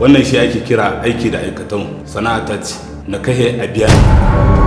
wannan shi ake kira aiki da aikatan sana'a ta ce na kahe a biya